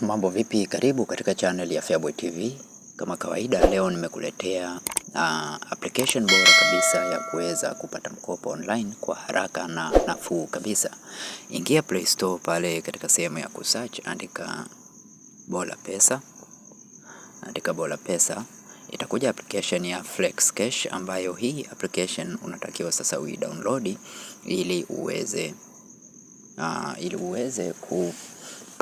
Mambo vipi? Karibu katika channel ya Feaboy TV. Kama kawaida, leo nimekuletea uh, application bora kabisa ya kuweza kupata mkopo online kwa haraka na nafuu kabisa. Ingia Play Store, pale katika sehemu ya kusearch andika Bola Pesa, andika Bola Pesa, itakuja application ya Flex Cash, ambayo hii application unatakiwa sasa download ili uweze uh, ili uweze ku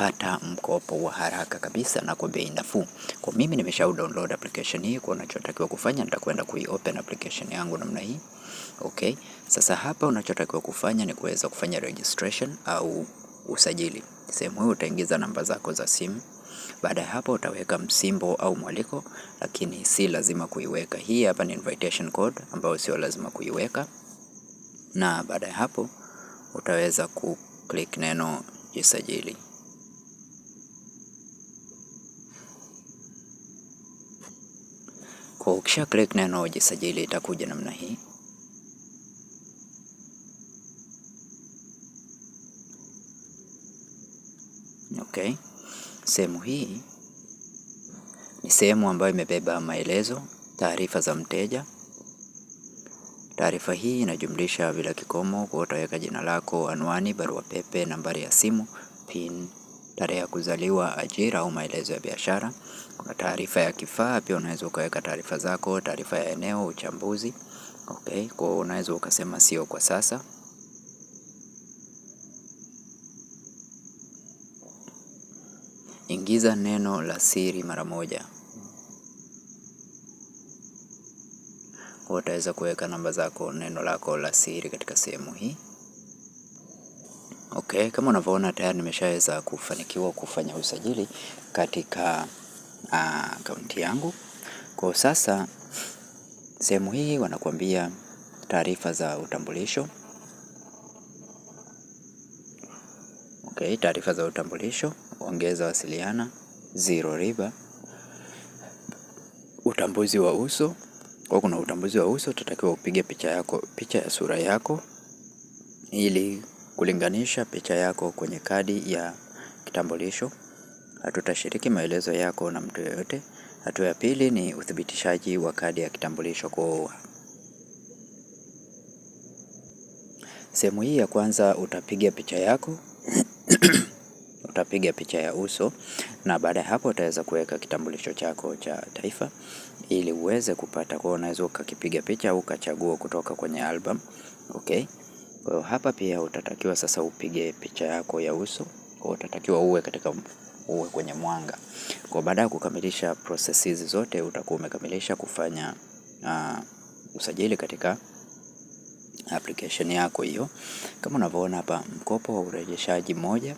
kupata mkopo wa haraka kabisa na kwa bei nafuu. Kwa mimi nimeshau download application hii, kwa unachotakiwa kufanya nitakwenda kuiopen application yangu namna hii. Okay, sasa hapa unachotakiwa kufanya ni kuweza kufanya registration au usajili. Sehemu hii utaingiza namba zako za simu. Baada ya hapo utaweka msimbo au mwaliko, lakini si lazima kuiweka. Hii hapa ni invitation code ambayo sio lazima kuiweka, na baada ya hapo utaweza ku click neno jisajili. Kisha click neno jisajili, itakuja namna hii. Okay, sehemu hii ni sehemu ambayo imebeba maelezo, taarifa za mteja. Taarifa hii inajumlisha bila kikomo, kwa utaweka jina lako, anwani, barua pepe, nambari ya simu, pin tarehe ya kuzaliwa, ajira au maelezo ya biashara. Kuna taarifa ya kifaa, pia unaweza ukaweka taarifa zako, taarifa ya eneo, uchambuzi. Okay, kwa hiyo unaweza ukasema sio kwa sasa. Ingiza neno la siri mara moja. Utaweza kuweka namba zako, neno lako la siri katika sehemu hii. Okay, kama unavyoona tayari nimeshaweza kufanikiwa kufanya usajili katika ah, akaunti uh, yangu. Kwa sasa sehemu hii wanakuambia taarifa za utambulisho. Okay, taarifa za utambulisho, ongeza wasiliana, zero riba, utambuzi wa uso. Kwa kuna utambuzi wa uso, utatakiwa upige picha yako, picha ya sura yako ili kulinganisha picha yako kwenye kadi ya kitambulisho. Hatutashiriki maelezo yako na mtu yoyote. Hatua ya pili ni uthibitishaji wa kadi ya kitambulisho kwa sehemu hii ya kwanza utapiga picha yako utapiga picha ya uso na baada ya hapo utaweza kuweka kitambulisho chako cha taifa ili uweze kupata. Kwa hiyo unaweza ukakipiga picha au ukachagua kutoka kwenye album. Okay. Kwa hiyo hapa pia utatakiwa sasa upige picha yako ya uso, kwa utatakiwa uwe katika uwe kwenye mwanga. Kwa baada ya kukamilisha process hizi zote, utakuwa umekamilisha kufanya uh, usajili katika application yako hiyo. Kama unavyoona hapa, mkopo wa urejeshaji moja,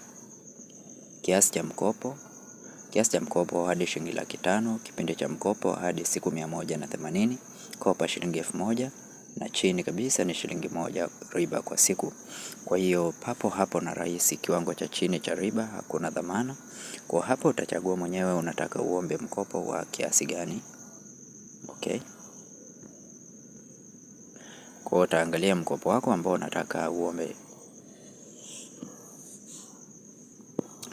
kiasi cha mkopo kiasi cha mkopo hadi shilingi laki tano, kipindi cha mkopo hadi siku mia moja na themanini, kopa shilingi elfu moja na chini kabisa ni shilingi moja riba kwa siku. Kwa hiyo papo hapo na rahisi, kiwango cha chini cha riba hakuna dhamana. Kwa hapo utachagua mwenyewe unataka uombe mkopo wa kiasi gani. Okay. Kwa utaangalia mkopo wako ambao unataka uombe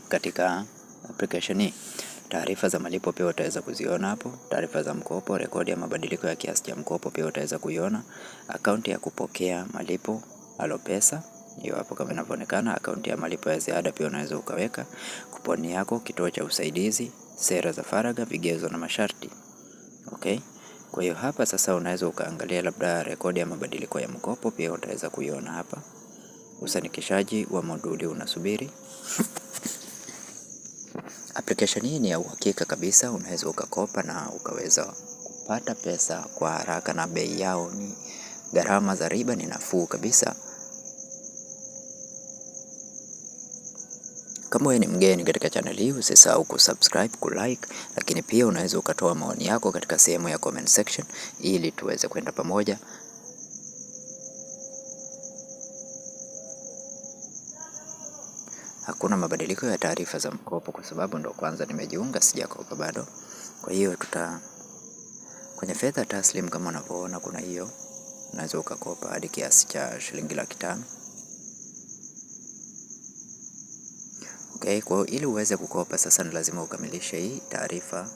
katika application hii. Taarifa za malipo pia utaweza kuziona hapo, taarifa za mkopo, rekodi ya mabadiliko ya kiasi cha mkopo pia utaweza kuiona, akaunti ya kupokea malipo Alopesa hiyo hapo kama inavyoonekana, akaunti ya malipo ya ziada pia unaweza ukaweka, kuponi yako, kituo cha usaidizi, sera za faragha, vigezo na masharti. Okay? Kwa hiyo hapa sasa unaweza ukaangalia labda rekodi ya mabadiliko ya mkopo pia utaweza kuiona hapa. Usanikishaji wa moduli unasubiri Application hii ni ya uhakika kabisa, unaweza ukakopa na ukaweza kupata pesa kwa haraka, na bei yao ni gharama za riba ni nafuu kabisa. Kama wewe ni mgeni katika channel hii, usisahau kusubscribe, kulike, lakini pia unaweza ukatoa maoni yako katika sehemu ya comment section ili tuweze kwenda pamoja. Hakuna mabadiliko ya taarifa za mkopo kwa sababu ndo kwanza nimejiunga, sijakopa bado. Kwa hiyo tuta kwenye fedha taslim kama unavyoona, kuna hiyo, unaweza ukakopa hadi kiasi cha shilingi laki tano. Okay, kwa ili uweze kukopa sasa ni lazima ukamilishe hii taarifa,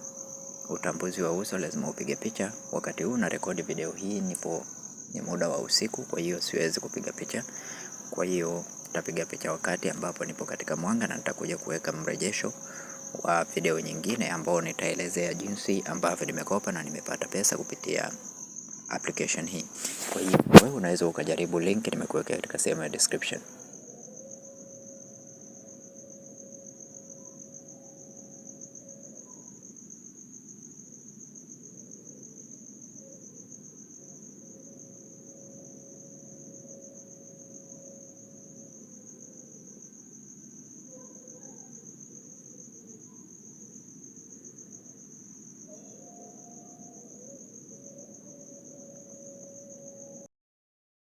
utambuzi wa uso, lazima upige picha. Wakati huu na rekodi video hii, nipo ni muda wa usiku, kwa hiyo siwezi kupiga picha, kwa hiyo tutapiga picha wakati ambapo nipo katika mwanga na nitakuja kuweka mrejesho wa video nyingine ambao nitaelezea jinsi ambavyo nimekopa na nimepata pesa kupitia application hii. Kwa hiyo wewe unaweza ukajaribu, link nimekuwekea katika sehemu ya description.